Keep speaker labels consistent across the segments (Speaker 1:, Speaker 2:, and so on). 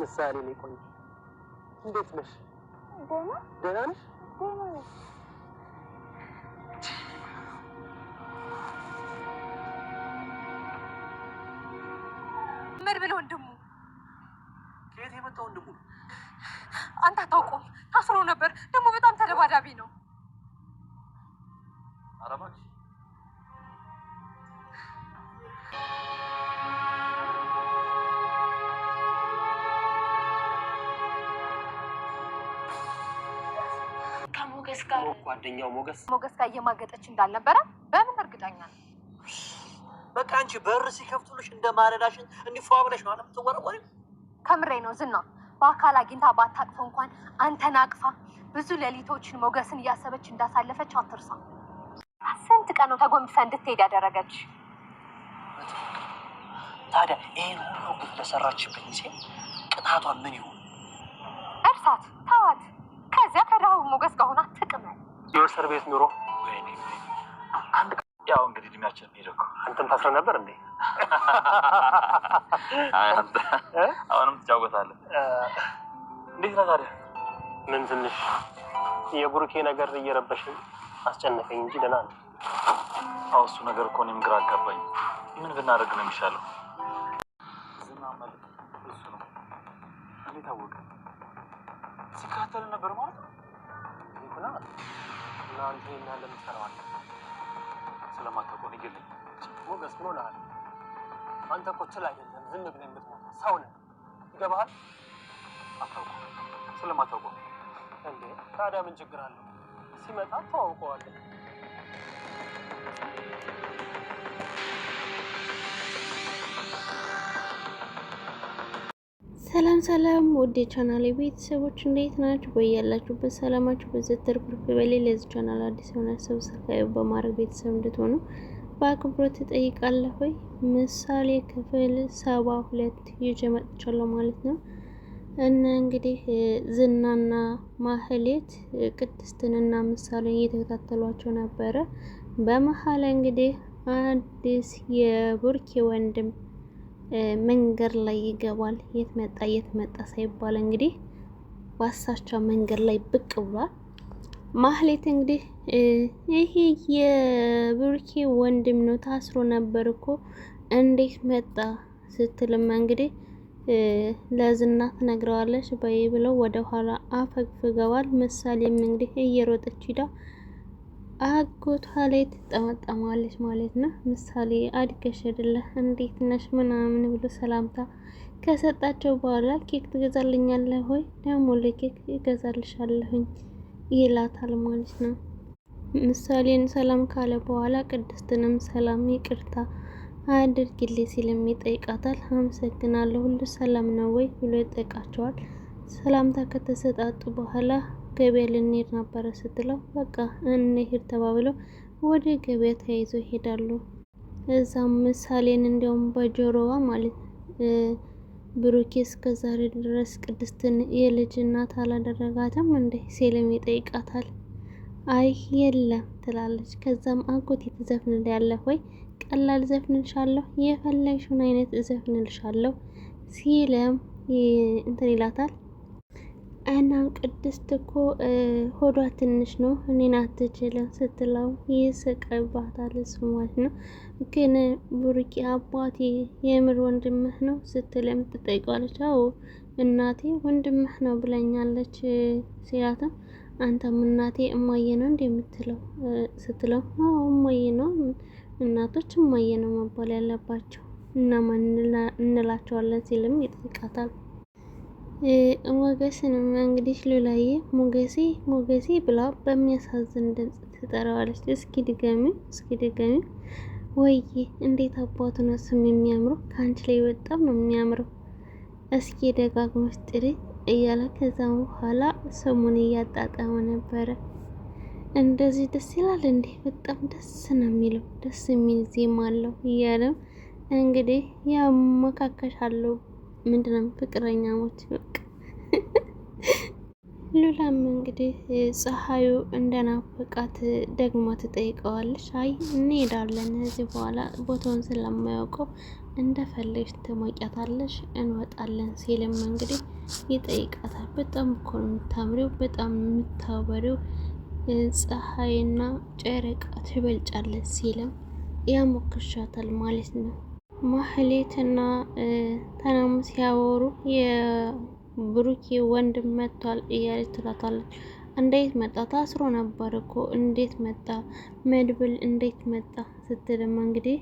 Speaker 1: ነሽ ምሳሌ ነው። ቆንጆ እንዴት ነሽ? ደህና ደህና ነሽ?
Speaker 2: ደህና ነሽ?
Speaker 3: መድ ብለ ወንድሙ
Speaker 1: ከየት የመጣ ወንድሙ?
Speaker 3: አንተ አታውቀውም። ታስሮ ነበር ደግሞ በጣም ተደባዳቢ ነው።
Speaker 1: ኧረ እባክሽ ጓደኛው ሞገስ ሞገስ ጋር እየማገጠች እንዳልነበረ በምን እርግጠኛ ነው? በቃ አንቺ በር ሲከፍቱልሽ እንደ ማለዳሽን እንዲፏ ብለሽ ነው አለምትወረወሪ።
Speaker 3: ከምሬ ነው ዝና በአካል አግኝታ ባታቅፈው እንኳን አንተን አቅፋ ብዙ ሌሊቶችን ሞገስን እያሰበች እንዳሳለፈች አትርሳ። ስንት ቀን ነው ተጎንብሳ እንድትሄድ ያደረገች?
Speaker 1: ታዲያ ይህን ሁሉ ግፍ ለሰራችብኝ ጊዜ ቅጣቷ ምን ይሁን?
Speaker 3: እርሳት፣ ተዋት። ከዚያ ከድሃው ሞገስ ጋር ትቅመል።
Speaker 1: የወሰር ቤት ኑሮ አንድ ያው እንግዲህ እድሜያችን ሄደው አንተም ታስረ ነበር እንዴ? አሁንም ትጫወታለህ። እንዴት ነህ ታዲያ? ምን ትንሽ የቡሩኬ ነገር እየረበሽኝ አስጨነቀኝ እንጂ ደህና ነኝ። አዎ እሱ ነገር እኮ እኔም ግራ አጋባኝ። ምን ብናደርግ ነው የሚሻለው? ዝና መልክ እሱ ነው። እንዴት አወቀ? ሲካተል ነበር ማለት ነው ይሁና ለአንተ ይሄን ያህል ለምን ስለማታውቀው ንገረኝ። ሞገስ ምን ሆነሃል? አንተ እኮ ችል አይደለም ዝም ብለህ የምትሞተው ሰው ነህ። ይገባሃል? አታውቀው። ስለማታውቀው እንዴ? ታዲያ ምን ችግር አለው? ሲመጣ ተዋውቀዋለህ።
Speaker 4: ሰላም ሰላም ውድ የቻናል ቤተሰቦች እንዴት ናችሁ? በያላችሁበት ሰላማችሁ በዘተር ኩርፍ በሌ ለዚህ ቻናል አዲስ የሆነ ሰብስክራይብ በማድረግ ቤተሰብ እንድትሆኑ በአክብሮት እጠይቃለሁ። ሆይ ምሳሌ ክፍል ሰባ ሁለት ይዤ መጥቻለሁ ማለት ነው እና እንግዲህ ዝናና ማህሌት ቅድስትንና ምሳሌ እየተከታተሏቸው ነበረ። በመሀል እንግዲህ አዲስ የቡርኬ ወንድም መንገድ ላይ ይገባል። የት መጣ የት መጣ ሳይባል እንግዲህ ባሳቻ መንገድ ላይ ብቅ ብሏል። ማህሌት እንግዲህ ይሄ የብሩኬ ወንድም ነው ታስሮ ነበር እኮ እንዴት መጣ ስትልማ እንግዲህ ለዝና ትነግረዋለች በይ ብለው ወደ ኋላ አፈግፍገዋል። ምሳሌም እንግዲህ እየሮጠች ሂዳ አጎቷ ላይ ትጠመጠማለች ማለት ነው። ምሳሌ አድገሽ አይደለ እንዴት ነሽ ምናምን ብሎ ሰላምታ ከሰጣቸው በኋላ ኬክ ትገዛልኛለህ ሆይ ደግሞ ለኬክ እገዛልሻለሁኝ ይላታል ማለት ነው። ምሳሌን ሰላም ካለ በኋላ ቅድስትንም ሰላም ይቅርታ አድርጊልኝ ሲልም ይጠይቃታል። አመሰግናለሁ ሁሉ ሰላም ነው ወይ ብሎ ይጠይቃቸዋል። ሰላምታ ከተሰጣጡ በኋላ ገበያ ልንሄድ ነበረ ስትለው በቃ እንሄድ ተባብለው ወደ ገበያ ተያይዘው ይሄዳሉ። እዛም ምሳሌን እንዲያውም በጆሮዋ ማለት ብሩኬ እስከ ዛሬ ድረስ ቅድስትን የልጅ እናት አላደረጋትም እንደ ሴለም ይጠይቃታል። አይ የለም ትላለች። ከዛም አጎቴ ትዘፍንልኛለህ ወይ? ቀላል ዘፍንልሻለሁ፣ የፈለግሽውን አይነት ዘፍንልሻለሁ ሲለም እንትን ይላታል። እናም ቅድስት እኮ ሆዷ ትንሽ ነው እኔን አትችልም ስትለው ይስቅባታል እሱ ማለት ነው። ግን ቡርቂ አባቴ የምር ወንድምህ ነው ስትልም ትጠይቋለች። አዎ እናቴ ወንድምህ ነው ብለኛለች ሲላትም አንተም እናቴ እማዬ ነው እንዲ የምትለው ስትለው አዎ እማዬ ነው እናቶች እማዬ ነው መባል ያለባቸው እና ማን እንላቸዋለን ሲልም ይጠይቃታል። ሞገስንም እንግዲህ ሉላዬ ሞገሴ ሞገሴ ብላ በሚያሳዝን ድምፅ ትጠራዋለች። እስኪ ድገሚ፣ እስኪ ድገሚ። ወይዬ እንዴት አባቱ ነው ስም የሚያምረው! ከአንቺ ላይ በጣም ነው የሚያምረው። እስኪ ደጋግመሽ ጥሪ እያለ ከዛም በኋላ ስሙን እያጣጣመ ነበረ። እንደዚህ ደስ ይላል እንዴ! በጣም ደስ ነው የሚለው፣ ደስ የሚል ዜማ አለው እያለም እንግዲህ ያመካከሻለሁ ምንድነው ፍቅረኛሞች ሉላም እንግዲህ ፀሐዩ እንደናፈቃት ደግሞ ትጠይቀዋለች። አይ እንሄዳለን እዚህ በኋላ ቦታውን ስለማያውቀው እንደፈለግሽ ትሞቂያታለሽ እንወጣለን ሲልም እንግዲህ ይጠይቃታል። በጣም እኮ ነው የምታምሪው፣ በጣም የምታበሪው ፀሐይና ጨረቃ ትበልጫለች ሲልም ያሞክሻታል ማለት ነው። ማህሌትና ተናሙ ሲያወሩ ብሩኬ ወንድም መጥቷል እያለች ትላታለች። እንዴት መጣ? ታስሮ ነበር እኮ እንዴት መጣ? መድብል እንዴት መጣ? ስትልም እንግዲህ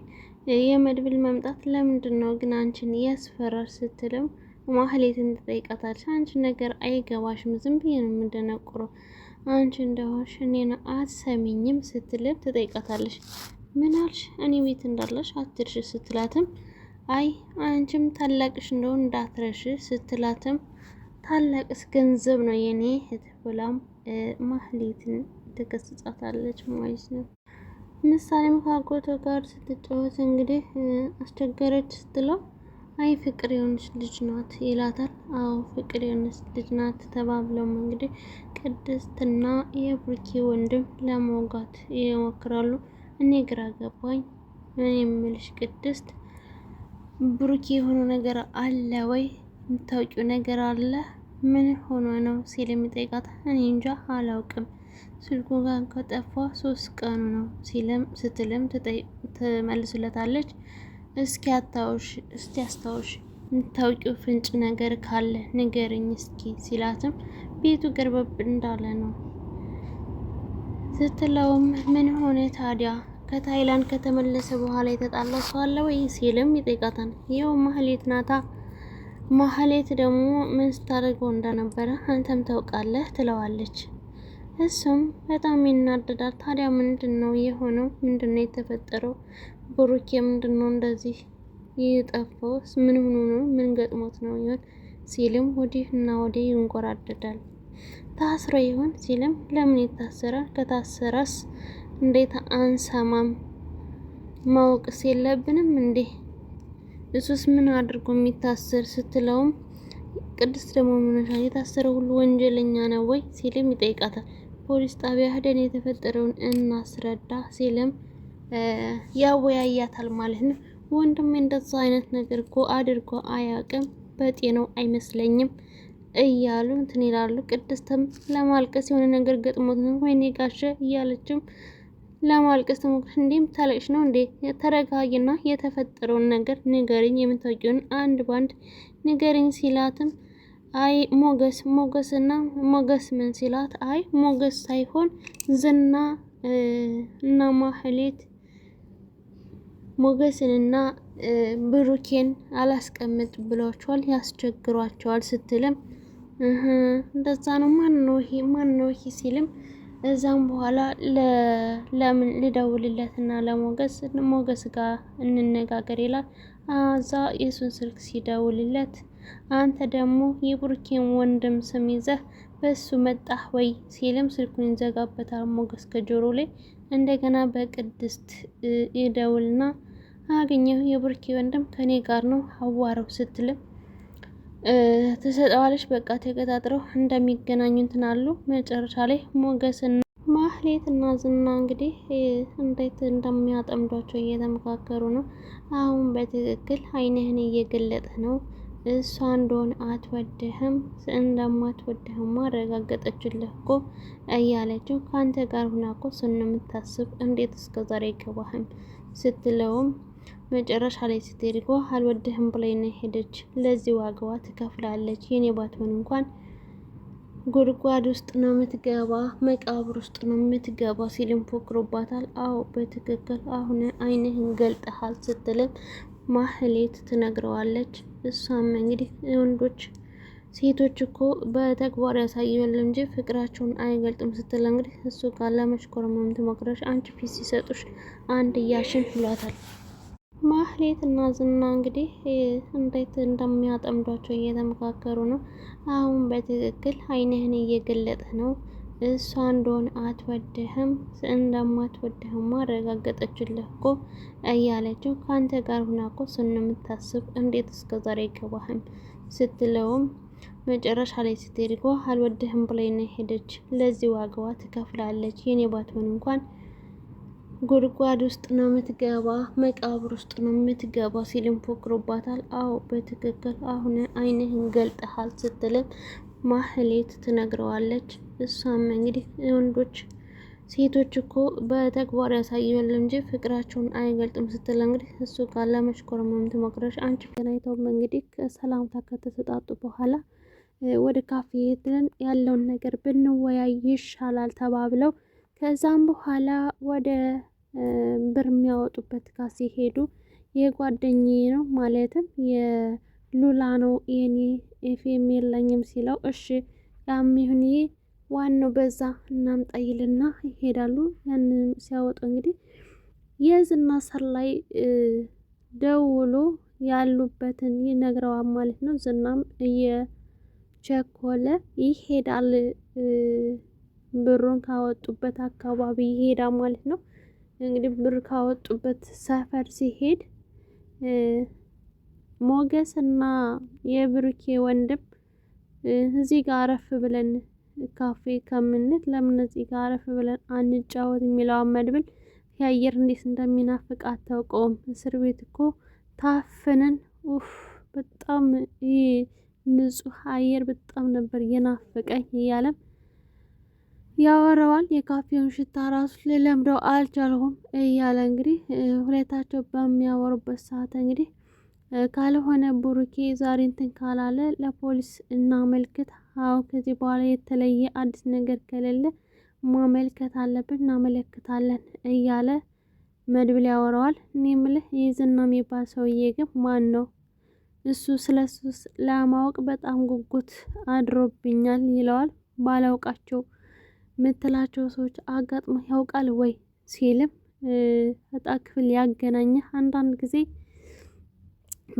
Speaker 4: የመድብል መምጣት ለምንድን ነው ግን አንቺን ያስፈራሽ? ስትልም ማህሌትን ትጠይቃታለች። አንቺ ነገር አይገባሽም፣ ዝም ብዬ ነው የምደነቁረው፣ አንቺ እንደሆንሽ እኔን አትሰሚኝም? ስትልም ትጠይቃታለች። ምን አልሽ? እኔ ቤት እንዳለሽ አትርሽ ስትላትም አይ አንቺም ታላቅሽ እንደሆን እንዳትረሽ ስትላትም ታላቅስ ገንዘብ ነው የኔ እህት ብላም ማህሌትን ትገስጻታለች ማለት ነው። ምሳሌም ከአጎቷ ጋር ስትጫወት እንግዲህ አስቸገረች ስትለው አይ ፍቅር የሆነች ልጅ ናት ይላታል። አዎ ፍቅር የሆነች ልጅ ናት ተባብለውም እንግዲህ ቅድስትና የብሩኬ ወንድም ለመውጋት ይሞክራሉ። እኔ ግራ ገባኝ። ምን የምልሽ ቅድስት ብሩኬ የሆነ ነገር አለ ወይ የምታውቂው ነገር አለ ምን ሆኖ ነው ሲል የሚጠይቃት እኔ እንጃ አላውቅም፣ ስልኩ ጋር ከጠፋ ሶስት ቀኑ ነው ሲልም ስትልም ትመልስለታለች። እስኪ አታውሽ እስቲ አስታውሽ የምታውቂው ፍንጭ ነገር ካለ ንገርኝ እስኪ ሲላትም ቤቱ ገርበብ እንዳለ ነው ስትለውም ምን ሆነ ታዲያ ከታይላንድ ከተመለሰ በኋላ የተጣላ ሰው አለ ወይ ሲልም ይጠይቃታል። ይኸው ማህሌት ናታ ማህሌት ደግሞ ምን ስታደርገው እንደነበረ አንተም ታውቃለህ ትለዋለች። እሱም በጣም ይናደዳል። ታዲያ ምንድን ነው የሆነው? ምንድን ነው የተፈጠረው? ብሩኬ ምንድን ነው እንደዚህ ይጠፋው? ምን ሆኖ ነው? ምን ገጥሞት ነው ይሆን ሲልም ወዲህ እና ወዲህ ይንጎራደዳል። ታስሮ ይሆን ሲልም ለምን ይታሰራል? ከታሰረስ እንዴት አንሰማም? ማወቅ የለብንም እንዴ እሱስ ምን አድርጎ የሚታሰር ስትለውም ቅድስት ደግሞ ምንሻ የታሰረ ሁሉ ወንጀለኛ ነው ወይ ሲልም ይጠይቃታል። ፖሊስ ጣቢያ ሄደን የተፈጠረውን እናስረዳ ሲልም ያወያያታል ማለት ነው። ወንድም እንደዛ አይነት ነገር እኮ አድርጎ አያውቅም፣ በጤናው አይመስለኝም እያሉ እንትን ይላሉ። ቅድስትም ለማልቀስ የሆነ ነገር ገጥሞት ነው ወይኔ ጋሸ እያለችም ለማልቀስ ተሞክሽ እንዴ? የምታለቅሽ ነው እንዴ? ተረጋጊና የተፈጠረውን ነገር ንገሪኝ፣ የምታውቂውን አንድ ባንድ ንገሪኝ ሲላትም አይ ሞገስ ሞገስ እና ሞገስ ምን ሲላት፣ አይ ሞገስ ሳይሆን ዝና እና ማህሌት ሞገስንና ብሩኬን አላስቀምጥ ብሏቸዋል፣ ያስቸግሯቸዋል ስትልም እንደዛ ነው። ማን ነው ይሄ? ማን ነው ይሄ ሲልም እዛም በኋላ ለምን ልደውልለትና ለሞገስ ሞገስ ጋር እንነጋገር ይላል። አዛ የሱን ስልክ ሲደውልለት አንተ ደግሞ የቡርኬን ወንድም ስም ይዘህ በሱ መጣህ ወይ ሲልም ስልኩን ይዘጋበታል ሞገስ ከጆሮ ላይ። እንደገና በቅድስት ይደውልና አገኘሁ የቡርኬ ወንድም ከኔ ጋር ነው አዋረው ስትልም ትሰጠዋለች። በቃ ተቀጣጥረው እንደሚገናኙ እንትን አሉ። መጨረሻ ላይ ሞገስና ማህሌት እና ዝና እንግዲህ እንዴት እንደሚያጠምዷቸው እየተመካከሩ ነው። አሁን በትክክል አይንህን እየገለጠ ነው። እሷ እንደሆነ አትወድህም እንደማትወድህም አረጋገጠችልህ እኮ እያለችው ከአንተ ጋር ሁና እኮ ስንምታስብ እንዴት እስከዛሬ አይገባህም ስትለውም መጨረሻ ላይ ስትሄድ አልወድህም አልወደህም ብላኝ ነው የሄደች። ለዚህ ዋጋዋ ትከፍላለች። የኔ ባትሆን እንኳን ጉድጓድ ውስጥ ነው የምትገባ፣ መቃብር ውስጥ ነው የምትገባ ሲልም ፎክሮባታል። አዎ በትክክል አሁን ዓይንህን ገልጠሃል ስትልም ማህሌት ትነግረዋለች። እሷም እንግዲህ ወንዶች ሴቶች እኮ በተግባር ያሳያሉ እንጂ ፍቅራቸውን አይገልጥም ስትል እንግዲህ እሱ ጋር ለመሽኮርመም ትሞክራለች። አንቺ ፊት ሲሰጡሽ አንድ እያሽን ብሏታል። ማህሌት እና ዝና እንግዲህ እንዴት እንደሚያጠምዷቸው እየተመካከሩ ነው። አሁን በትክክል አይንህን እየገለጥህ ነው። እሷ እንደሆነ አትወድህም፣ እንደማትወድህም ማረጋገጠችልህ እኮ እያለችው ከአንተ ጋር ሁና እኮ ስንምታስብ እንዴት እስከ ዛሬ አይገባህም ስትለውም መጨረሻ ላይ ስትሄድ እኮ አልወድህም ብላኝ ነው ሄደች። ለዚህ ዋጋዋ ትከፍላለች። የኔ ባትሆን እንኳን ጉድጓድ ውስጥ ነው የምትገባ፣ መቃብር ውስጥ ነው የምትገባ ሲልም ፎክሮባታል። አዎ በትክክል አሁን ዓይንህን ገልጠሃል ስትልም ማህሌት ትነግረዋለች። እሷም እንግዲህ ወንዶች ሴቶች እኮ በተግባር ያሳያሉ እንጂ ፍቅራቸውን አይገልጥም ስትል እንግዲህ እሱ ጋር ለመሽኮርመም ትሞክራለች። አንቺ ተገናኝተው እንግዲህ ሰላምታ ከተሰጣጡ በኋላ ወደ ካፌ ሄደን ያለውን ነገር ብንወያይ ይሻላል ተባብለው ከዛም በኋላ ወደ ብር የሚያወጡበት ጋር ሲሄዱ የጓደኛዬ ነው ማለትም የሉላ ነው የኔ ኤፌም የለኝም ሲለው እሺ ያም ይሁን ይሄ ዋናው በዛ እናምጣይልና ይሄዳሉ። ያንን ሲያወጡ እንግዲህ የዝና ላይ ደውሎ ያሉበትን ይነግረዋል ማለት ነው። ዝናም እየቸኮለ ይሄዳል፣ ብሩን ካወጡበት አካባቢ ይሄዳል ማለት ነው። እንግዲህ ብር ካወጡበት ሰፈር ሲሄድ ሞገስ እና የብሩኬ ወንድም እዚህ ጋር አረፍ ብለን ካፌ ከምንት ለምን እዚህ ጋር አረፍ ብለን አንጫወት የሚለው መድብል የአየር እንዴት እንደሚናፍቅ አታውቀውም። እስር ቤት እኮ ታፍነን ኡፍ በጣም ንጹህ አየር በጣም ነበር የናፈቀኝ እያለም ያወራዋል። የካፌውን ሽታ ራሱ ልለምደው አልቻልሁም እያለ እንግዲህ ሁለታቸው በሚያወሩበት ሰዓት እንግዲህ ካልሆነ ቡሩኬ ዛሬ እንትን ካላለ ለፖሊስ እናመልክት። አዎ ከዚህ በኋላ የተለየ አዲስ ነገር ከሌለ ማመልከት አለብን፣ እናመለክታለን እያለ መድብል ያወረዋል። እኔ የምልህ ይህ ዝና የሚባል ሰውዬ ግን ማን ነው? እሱ ስለ እሱ ለማወቅ በጣም ጉጉት አድሮብኛል ይለዋል። ባላውቃቸው የምትላቸው ሰዎች አጋጥሞ ያውቃል ወይ ሲልም እጣ ክፍል ያገናኘህ። አንዳንድ ጊዜ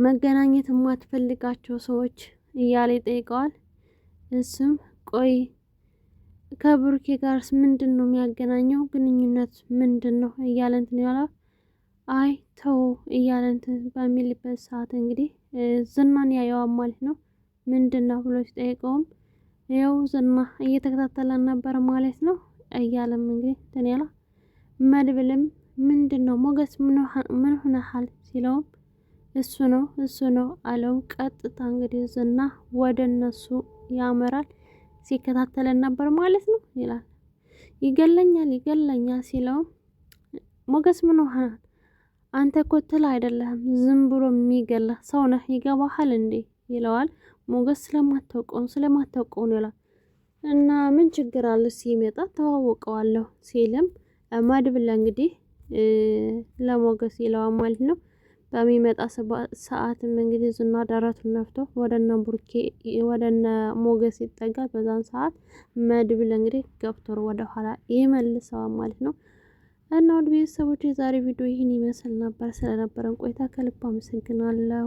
Speaker 4: መገናኘት የማትፈልጋቸው ሰዎች እያለ ይጠይቀዋል። እሱም ቆይ ከብሩኬ ጋርስ ምንድን ነው የሚያገናኘው ግንኙነት ምንድን ነው እያለ እንትን ያላል። አይ ተው እያለ እንትን በሚልበት ሰዓት እንግዲህ ዝናን ያየዋል ማለት ነው። ምንድን ነው ብሎ ሲጠይቀውም ያው ዝና እየተከታተለን ነበር ማለት ነው። እያለም እንግዲህ ዳንኤላ መድብልም ምንድን ነው ሞገስ ምን ሆነሃል ሲለውም እሱ ነው እሱ ነው አለው። ቀጥታ እንግዲህ ዝና ወደ እነሱ ያመራል። ሲከታተለን ነበር ማለት ነው ይላል። ይገለኛል ይገለኛል ሲለውም ሞገስ ምን ሆነሃል አንተ ኮትል አይደለህም ዝም ብሎ የሚገላ ሰው ነህ ይገባሃል እንዴ ይለዋል። ሞገስ ስለማታውቀውን ስለማታውቀው ነው ይላል እና ምን ችግር አለ ሲመጣ ተዋወቀዋለሁ ሲልም ማድብላ እንግዲህ ለሞገስ ይለዋል ማለት ነው። በሚመጣ ሰዓትም እንግዲህ ዝና ደረቱን ነፍቶ ወደነ ቡርኬ ወደነ ሞገስ ይጠጋል። በዛን ሰዓት መድብል እንግዲህ ገብቶ ወደኋላ ይመልሰዋል ማለት ነው። እና ውድ ቤተሰቦች የዛሬ ቪዲዮ ይህን ይመስል ነበር። ስለነበረን ቆይታ ከልብ አመሰግናለሁ።